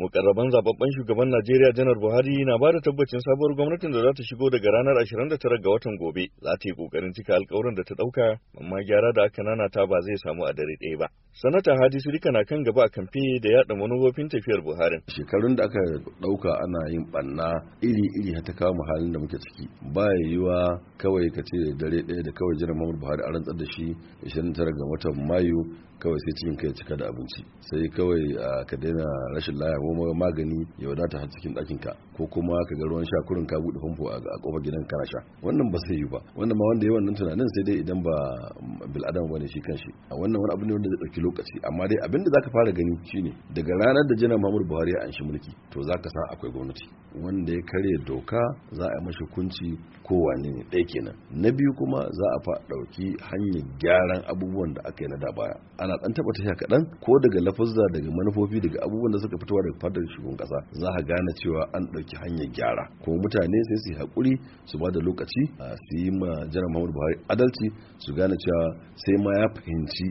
Mukarraban zababben shugaban Najeriya Janar Buhari na ba da tabbacin sabuwar gwamnatin da za ta shigo daga ranar 29 ga watan gobe za ta yi kokarin cika alkawarin da ta ɗauka amma gyara da aka nana ta ba zai samu a dare ɗaya ba. Sanata Hadi Sirika na kan gaba a kamfe da yaɗa manufofin tafiyar Buhari. Shekarun da aka ɗauka ana yin banna iri-iri har ta kawo halin da muke ciki. Ba wa kawai ka ce dare ɗaya da kawai Janar Muhammadu Buhari a rantsar da shi 29 ga watan Mayu kawai sai cikin kai cika da abinci. Sai kawai ah, ka daina rashin laya samu magani ya wadata har cikin ɗakin ka ko kuma ka ga ruwan sha kurin ka buɗe famfo a kofar gidan kana sha wannan ba sai yi ba wannan ma wanda ya wannan tunanin sai dai idan ba mm, bil adam bane shi kanshi a wannan wani abu ne wanda zai ɗauki lokaci amma dai abin da zaka fara gani shine daga ranar da janar Muhammadu Buhari ya anshi mulki to zaka san akwai gwamnati wanda ya karya doka za a yi mashi hukunci kowane ne ɗaya kenan na biyu kuma za a fa ɗauki hanyar gyaran abubuwan da aka yi na da baya ana ɗan taɓa tasha kaɗan ko daga lafazza daga manufofi daga abubuwan da suka fitowa daga fadar shugaban kasa za a gane cewa an ɗauki hanyar gyara kuma mutane sai su yi haƙuri su ba da lokaci su yi ma janar muhammadu buhari adalci su gane cewa sai ma ya fahimci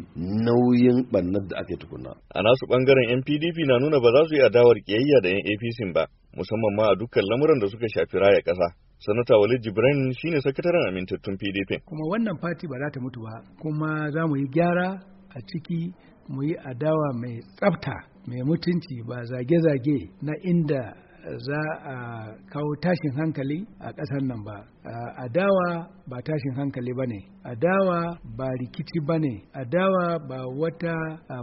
nauyin ɓannar da aka yi tukuna a nasu ɓangaren yan pdp na nuna ba za su yi adawar ƙiyayya da yan apc ba musamman ma a dukkan lamuran da suka shafi raya ƙasa sanata walid jibran shine sakataren amintattun pdp kuma wannan fati ba za ta mutu ba kuma za mu yi gyara a ciki mu yi adawa mai tsafta mai mutunci ba zage-zage na inda za a kawo tashin hankali a ƙasar nan ba a dawa ba tashin hankali ba ne adawa ba rikici ba ne adawa ba wata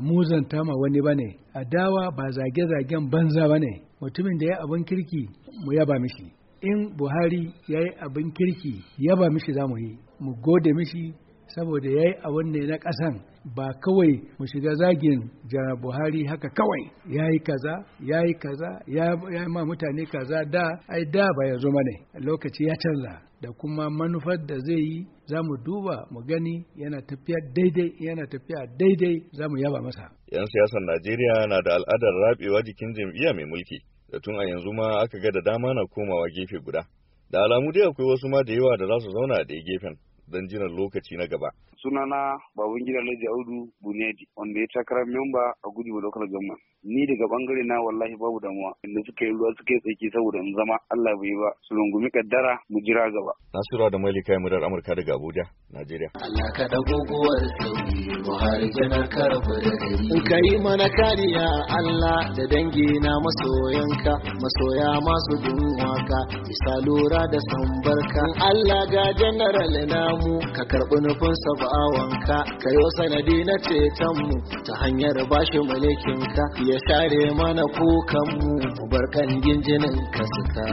muzanta ma wani ba ne adawa ba zage-zagen banza ba ne mutumin da ya abin kirki mu yaba mishi in buhari ya yi abin kirki yaba mishi za mu yi mu gode mishi saboda ya yi a na ƙasan ba kawai mu shiga zagin jara buhari haka kawai ya yi kaza ya yi kaza ya yi ma mutane kaza da ai da ba ya zo ne. lokaci ya canza da kuma manufar da zai yi za mu duba mu gani yana tafiya daidai yana tafiya daidai za mu yaba masa yan siyasar najeriya na da al'adar rabewa jikin jam'iyya mai mulki da tun a yanzu ma aka ga da dama na komawa gefe guda da alamu dai akwai wasu ma da yawa da za su zauna a ɗaya gefen don jiran lokaci na gaba. Sunana gidan Ladi Audu Bunedi wanda ya takarar memba a gudu lokal government. Ni daga bangare na wallahi babu damuwa inda suka yi ruwa suka yi tsaki saboda in zama Allah bai ba su rungumi kaddara mu jira gaba. Nasiru da Malika ya da Amurka daga Abuja, Najeriya. Allah ka da gogowar sauki Buhari jana karfa da gari. Ka yi mana kariya Allah da dangi na masoyanka masoya masu ka. isa lura da sambarka. Allah ga janaral na mu ka karɓi nufin wanka ka yi sanadi na mu ta hanyar bashi ka ya share mana kukanmu bar kan jinjinin ka suka